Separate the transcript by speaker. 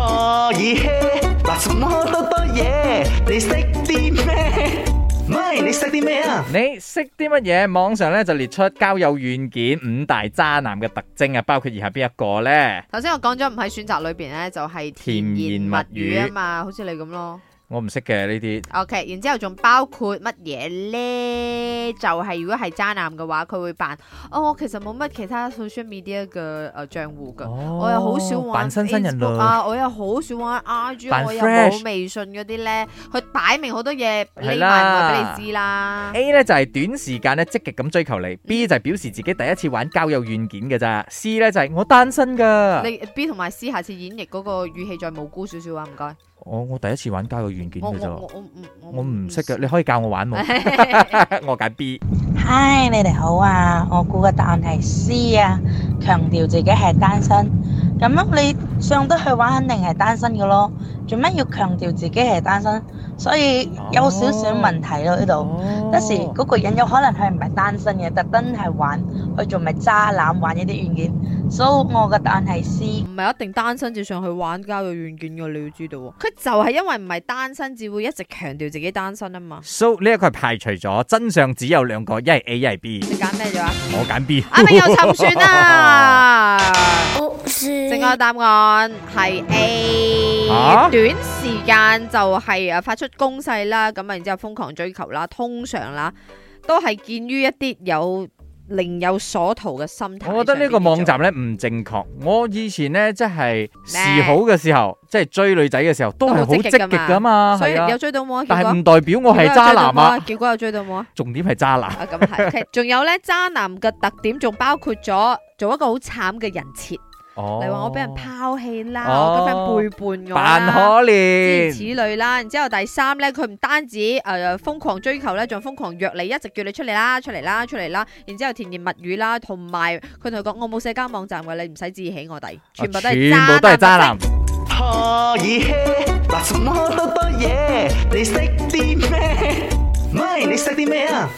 Speaker 1: 我耳嗱，什麼多嘢？你識啲咩？咪你識啲咩啊？你識啲乜嘢？網上咧就列出交友軟件五大渣男嘅特徵啊，包括以下邊一個咧？
Speaker 2: 頭先我講咗唔喺選擇裏邊咧，就係、是、甜
Speaker 1: 言蜜語啊嘛，
Speaker 2: 好似你咁咯。
Speaker 1: 我唔識嘅呢啲。
Speaker 2: OK，然之後仲包括乜嘢咧？就係、是、如果係渣男嘅話，佢會扮哦，我其實冇乜其他 social media 嘅誒賬戶噶，呃哦、我又好少玩。新新人類啊！我又好少玩 IG，< 扮 S 1> 我又冇微信嗰啲咧，佢擺明好多嘢匿
Speaker 1: 埋我俾你知啦。啦 A 咧就係、是、短時間咧積極咁追求你，B 就係表示自己第一次玩交友軟件嘅咋，C 咧就係、是、我單身噶。你
Speaker 2: B 同埋 C 下次演繹嗰個語氣再無辜少少啊，唔該。
Speaker 1: 我我第一次玩交友軟件嘅啫，我唔我唔識嘅，你可以教我玩冇？ 我揀選 B。
Speaker 2: 嗨，你哋好啊！我估嘅答案係 C 啊，強調自己係單身，咁樣你上得去玩肯定係單身嘅咯，做乜要強調自己係單身？所以有少少問題咯呢度，一時嗰個人有可能係唔係單身嘅，特登係玩。佢仲咪渣男玩一啲軟件，所以我嘅答案係 C。唔係一定單身至上去玩交友軟件㗎，你要知道。佢就係因為唔係單身，至會一直強調自己單身啊嘛。
Speaker 1: so 呢一個係排除咗真相，只有兩個，一係 A，一係 B。你揀咩咗？我揀 B。阿明又沉船 啊！正確
Speaker 2: 答案係 A。短時間就係啊，發出攻勢啦，咁啊，然之後瘋狂追求啦，通常啦都係見於一啲有。另有
Speaker 1: 所圖嘅心態，我覺得呢個網站咧唔正確。嗯、我以前咧即係示好嘅時候，即係追女仔嘅時候，都係好積極㗎嘛。所以有追
Speaker 2: 到冇？但係唔代表我係渣男啊！結果有追到冇
Speaker 1: 啊？重點係渣男啊！咁
Speaker 2: 係， 仲有咧渣男嘅特點，仲包括咗做一個好慘嘅人設。你話，哦、我俾人拋棄啦，哦、我個 friend 背
Speaker 1: 叛我扮可憐，諸如此
Speaker 2: 類啦。然之後第三咧，佢唔單止誒、呃、瘋狂追求咧，仲瘋狂約你，一直叫你出嚟啦，出嚟啦，出嚟啦。然之後甜言蜜語啦，同埋佢同你講，我冇社交網站嘅，你唔使自起我哋，全，全部都係渣，都係渣男
Speaker 1: 渣、哦。可以咩？話咁多嘢，你識啲咩？咪你識啲咩啊？